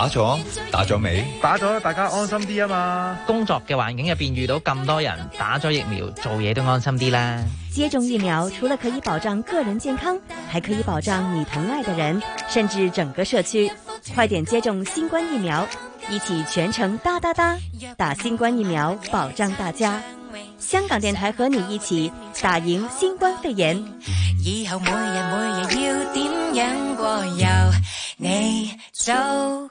打咗，打咗未？打咗，大家安心啲啊嘛！工作嘅環境入邊遇到咁多人打咗疫苗，做嘢都安心啲啦。接種疫苗除了可以保障個人健康，還可以保障你疼愛的人，甚至整個社區。快點接種新冠疫苗，一起全程噠噠噠，打新冠疫苗，保障大家。香港電台和你一起打贏新冠肺炎。啊、以後每日每日要點樣過悠？你就……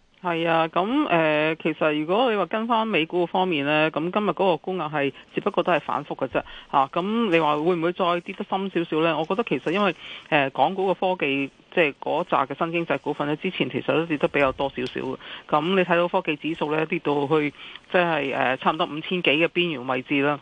係啊，咁誒、呃，其實如果你話跟翻美股方面呢，咁今日嗰個沽壓係只不過都係反覆嘅啫，嚇、啊，咁你話會唔會再跌得深少少呢？我覺得其實因為誒、呃、港股嘅科技即係嗰扎嘅新經濟股份呢，之前其實都跌得比較多少少嘅，咁你睇到科技指數呢，跌到去即係誒差唔多五千幾嘅邊緣位置啦。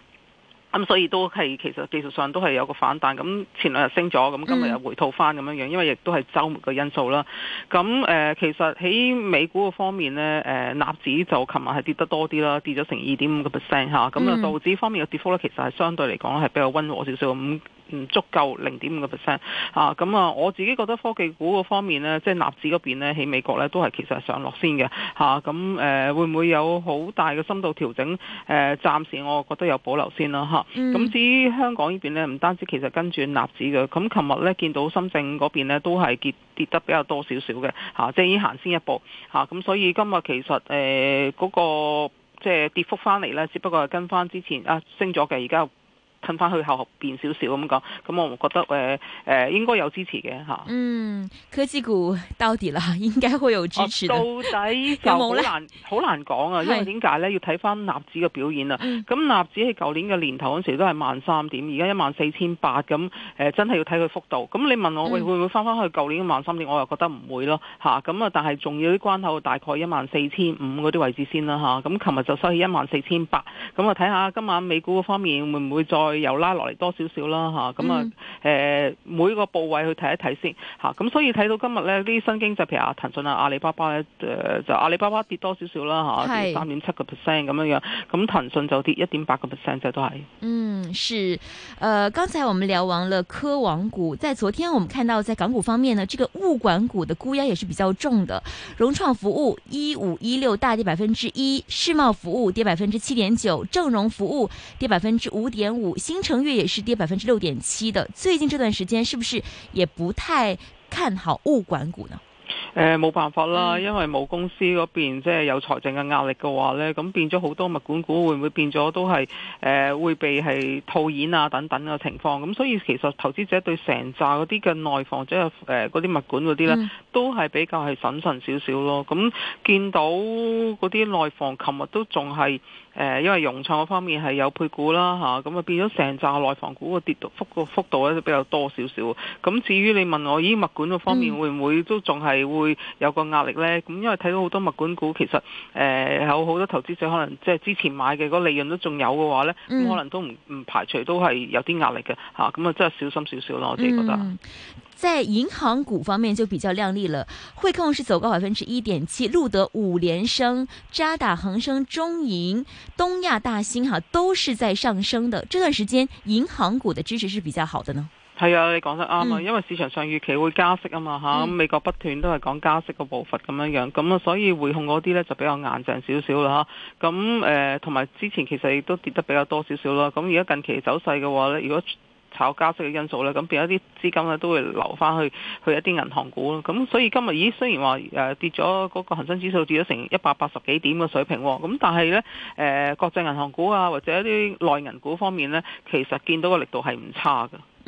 咁、嗯、所以都係其實技術上都係有個反彈，咁前兩日升咗，咁今日又回吐翻咁樣樣，因為亦都係週末嘅因素啦。咁誒、呃，其實喺美股嘅方面呢，誒、呃、納指就琴日係跌得多啲啦，跌咗成二點五個 percent 吓，咁，啊道指方面嘅跌幅咧，其實係相對嚟講係比較溫和少少咁。唔足夠零點五個 percent 嚇，咁啊，啊我自己覺得科技股個方面呢，即、就、係、是、納指嗰邊呢喺美國呢都係其實係上落先嘅嚇，咁、啊、誒、啊、會唔會有好大嘅深度調整？誒、啊，暫時我覺得有保留先啦嚇。咁、啊 mm. 啊、至於香港呢邊呢，唔單止其實跟住納指嘅，咁琴日呢見到深證嗰邊呢都係跌跌得比較多少少嘅嚇，即係先行先一步嚇，咁、啊、所以今日其實誒嗰、啊那個即係、就是、跌幅翻嚟呢，只不過係跟翻之前啊升咗嘅而家。褪翻去後邊少少咁講，咁我覺得誒誒、呃、應該有支持嘅吓、啊。嗯，科技股到底啦，應該會有支持、啊。到底就好難好 難講啊，因為點解咧？要睇翻納指嘅表演啦。咁納指喺舊年嘅年頭嗰時都係萬三點，而家一萬四千八，咁誒真係要睇佢幅度。咁你問我喂，會唔會翻翻去舊年萬三點，嗯？我又覺得唔會咯吓。咁啊，但係仲要啲關口大概一萬四千五嗰啲位置先啦吓。咁琴日就收起一萬四千八，咁啊睇下今晚美股方面會唔會再？又拉落嚟多少少啦吓，咁啊，誒、嗯嗯，每個部位去睇一睇先吓，咁、啊、所以睇到今日呢啲新經濟，譬如阿、啊、騰訊啊、阿里巴巴咧，誒、呃，就阿里巴巴跌多少少啦吓，跌三點七個 percent 咁樣樣，咁騰訊就跌一點八個 percent 就都係。嗯，是，誒、呃，剛才我們聊完了科網股，在昨天我們看到在港股方面呢，這個物管股的沽壓也是比較重的，融創服務一五一六大跌百分之一，世茂服務跌百分之七點九，正榮服務跌百分之五點五。新城悅也是跌百分之六點七的。最近這段時間是不是也不太看好物管股呢？誒、呃，冇辦法啦，嗯、因為冇公司嗰邊即係有財政嘅壓力嘅話咧，咁變咗好多物管股會唔會變咗都係誒、呃、會被係套現啊等等嘅情況？咁所以其實投資者對成扎嗰啲嘅內房即係誒嗰啲物管嗰啲咧，都係比較係審慎少少咯。咁見到嗰啲內房，琴、呃嗯、日都仲係。誒、呃，因為融創嗰方面係有配股啦嚇，咁啊那就變咗成扎內房股個跌幅個幅度咧就比較多少少。咁至於你問我，咦物管個方面會唔會都仲係會有個壓力呢？咁因為睇到好多物管股其實誒、呃、有好多投資者可能即係之前買嘅嗰個利潤都仲有嘅話呢，咁可能都唔唔排除都係有啲壓力嘅嚇。咁啊那就真係小心少少咯，我自己覺得。嗯在銀行股方面就比較亮麗了，匯控是走高百分之一點七，錄得五連升，渣打、恒生、中銀、東亞、大新哈都是在上升的。這段時間銀行股的支持是比較好的呢。係啊，你講得啱啊、嗯，因為市場上預期會加息啊嘛吓，美國不斷都係講加息嘅步伐咁樣樣，咁、嗯、啊所以匯控嗰啲咧就比較硬淨少少啦吓，咁誒同埋之前其實亦都跌得比較多少少啦，咁而家近期走勢嘅話咧，如果炒加息嘅因素咧，咁變咗啲資金咧都會流翻去去一啲銀行股咯。咁所以今日咦，雖然話誒跌咗嗰個恆生指數跌咗成一百八十幾點嘅水平喎，咁但係咧誒國際銀行股啊，或者一啲內銀股方面咧，其實見到嘅力度係唔差㗎。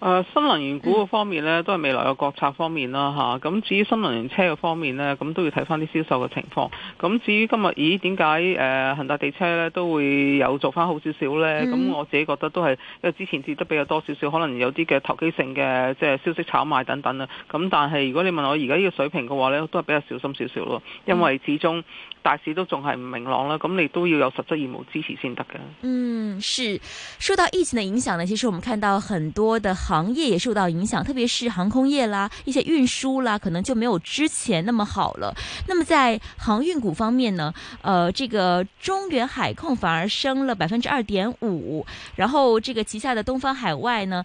誒、啊、新能源股的方面呢，都係未來嘅國策方面啦嚇咁、啊、至於新能源車嘅方面呢，咁都要睇翻啲銷售嘅情況。咁、啊、至於今日咦，點解誒恒大地車呢都會有做翻好少少呢？咁、嗯、我自己覺得都係因為之前跌得比較多少少，可能有啲嘅投機性嘅即係消息炒賣等等啦咁、啊、但係如果你問我而家呢個水平嘅話呢，都係比較小心少少咯，因為始終。大市都仲係唔明朗啦，咁你都要有實質業務支持先得㗎。嗯，是，受到疫情的影響呢，其實我們看到很多的行業也受到影響，特別是航空業啦、一些運輸啦，可能就沒有之前那麼好了。那麼在航運股方面呢，呃，這個中遠海控反而升了百分之二點五，然後這個旗下的東方海外呢。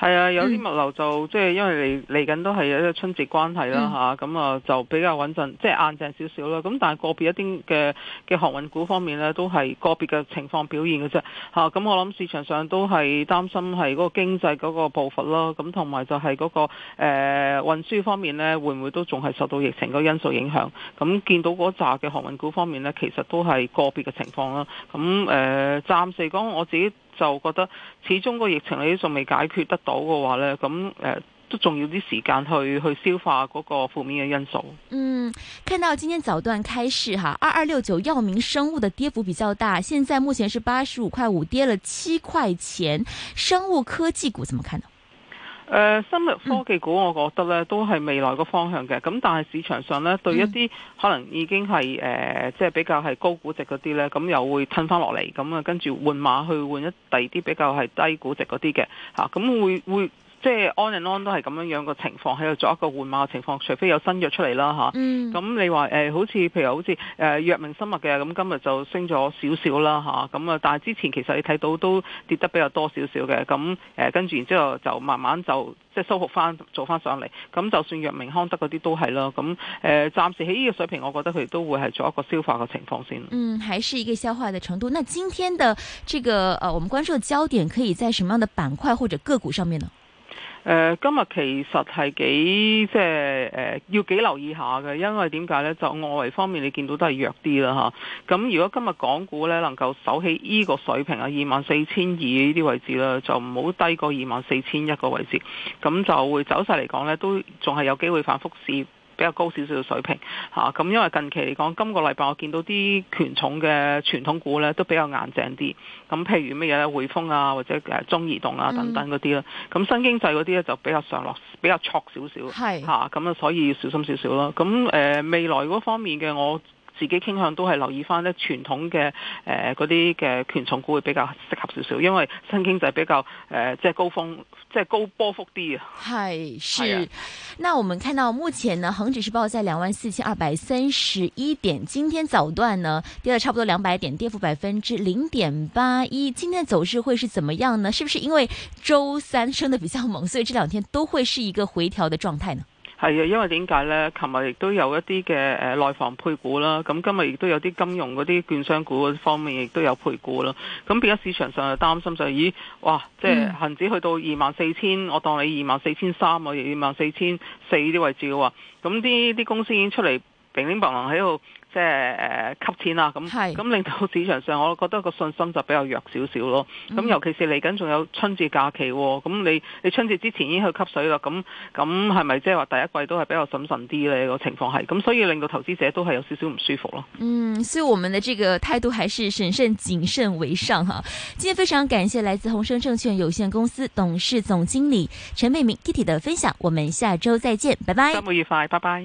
係啊，有啲物流就即係、嗯就是、因為嚟嚟緊都係有啲春節關係啦咁、嗯、啊就比較穩陣，即、就、係、是、硬淨少少啦。咁但係個別一啲嘅嘅航運股方面呢，都係個別嘅情況表現嘅啫。咁、啊、我諗市場上都係擔心係嗰個經濟嗰個步伐啦咁同埋就係嗰、那個誒、呃、運輸方面呢，會唔會都仲係受到疫情個因素影響？咁見到嗰扎嘅航運股方面呢，其實都係個別嘅情況啦。咁誒、呃，暫時講我自己。就覺得始終個疫情你都仲未解決得到嘅話呢，咁誒、呃、都仲要啲時間去去消化嗰個負面嘅因素。嗯，看到今天早段開市哈，二二六九藥明生物的跌幅比較大，現在目前是八十五塊五，跌了七塊錢。生物科技股怎麼看呢？誒生物科技股，我覺得咧、嗯、都係未來個方向嘅。咁但係市場上咧對一啲可能已經係誒即係比較係高估值嗰啲咧，咁又會吞翻落嚟。咁啊跟住換馬去換一第二啲比較係低估值嗰啲嘅嚇，咁會會。會即係 on and on 都係咁樣樣個情況喺度做一個緩慢嘅情況，除非有新藥出嚟啦嚇。咁，嗯，啊，你話，呃，好似譬如好似誒藥明生物嘅咁，今日就升咗少少啦嚇。咁啊，但係之前其實你睇到都跌得比較多少少嘅。咁，嗯，呃，跟住然之後就慢慢就即係收復翻做翻上嚟。咁，嗯，就算藥明康德嗰啲都係啦，咁誒暫時喺呢個水平，我覺得佢都會係做一個消化嘅情況先。嗯，還是一個消化嘅程度。那今天的這個呃，我們關注嘅焦點可以在什麼樣的板塊或者個股上面呢？誒、呃，今日其實係幾即係誒、呃，要幾留意下嘅，因為點解呢？就外圍方面，你見到都係弱啲啦吓。咁如果今日港股呢能夠守喺呢個水平啊，二萬四千二呢啲位置啦，就唔好低過二萬四千一個位置，咁就會走勢嚟講呢，都仲係有機會反覆市。比較高少少嘅水平咁、啊、因為近期嚟講，今個禮拜我見到啲權重嘅傳統股咧都比較硬淨啲，咁譬如咩嘢咧，匯豐啊，或者中移動啊等等嗰啲啦，咁、嗯啊、新經濟嗰啲咧就比較上落比較挫少少，係吓，咁啊所以要小心少少啦，咁誒未來嗰方面嘅我，自己傾向都係留意翻呢傳統嘅誒嗰啲嘅權重股會比較適合少少，因為新經濟比較誒即係高峰，即、就、係、是、高波幅啲啊。係是，是，是，那我們看到目前呢恒指是報在兩萬四千二百三十一點，今天早段呢跌咗差不多兩百點，跌幅百分之零點八一。今天嘅走勢會是怎麼樣呢？是不是因為周三升得比較猛，所以這兩天都會是一個回調嘅狀態呢？係啊，因為點解呢？琴日亦都有一啲嘅、呃、內房配股啦，咁今日亦都有啲金融嗰啲券商股嗰方面亦都有配股啦。咁而家市場上就擔心就咦，哇，即係恆指去到二萬四千，我當你二萬四千三啊，二萬四千四啲位置嘅話，咁啲啲公司已經出嚟乒乒乓乓喺度。即係誒、呃、吸錢啦，咁、嗯、咁令到市場上，我覺得個信心就比較弱少少咯。咁、嗯、尤其是嚟緊仲有春節假期喎，咁你你春節之前已經去吸水啦，咁咁係咪即係話第一季都係比較審慎啲呢、這個情況係咁，所以令到投資者都係有少少唔舒服咯。嗯，所以我們的這個態度還是審慎，慎、謹慎為上哈、啊。今天非常感謝來自鴻昇證券有限公司董事總經理陳蓓敏 Kitty 的分享，我們下週再見，拜拜。三月愉快，拜拜。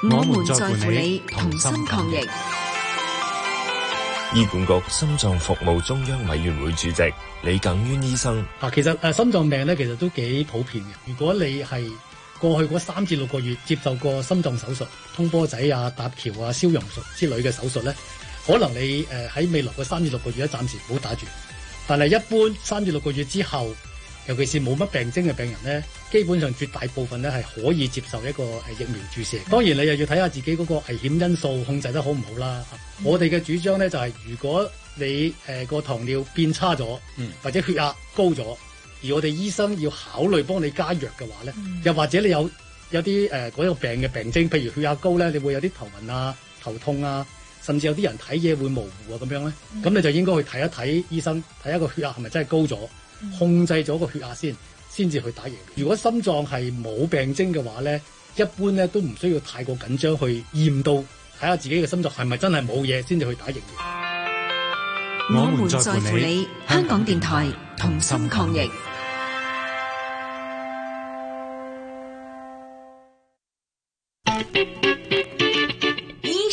我們在陪你同心抗疫。醫管局心臟服務中央委員會主席李耿淵醫生，其實誒心臟病咧，其實都幾普遍嘅。如果你係過去嗰三至六個月接受過心臟手術、通波仔啊、搭橋啊、消融術之類嘅手術咧，可能你誒喺未來嘅三至六個月咧，暫時唔好打住。但係一般三至六個月之後。尤其是冇乜病徵嘅病人咧，基本上絕大部分咧係可以接受一個、啊、疫苗注射、嗯。當然你又要睇下自己嗰個危險因素控制得好唔好啦。嗯、我哋嘅主張咧就係、是，如果你個糖尿變差咗，嗯，或者血壓高咗，而我哋醫生要考慮幫你加藥嘅話咧、嗯，又或者你有有啲嗰、呃嗰個病嘅病徵，譬如血壓高咧，你會有啲頭暈啊、頭痛啊，甚至有啲人睇嘢會模糊啊咁樣咧，咁、嗯、你就應該去睇一睇醫生，睇一個血壓係咪真係高咗。控制咗個血壓先，先至去打疫苗。如果心臟係冇病徵嘅話咧，一般咧都唔需要太過緊張去驗到，睇下自己嘅心臟係咪真係冇嘢先至去打疫苗。我們在乎你，香港電台同心抗疫。嗯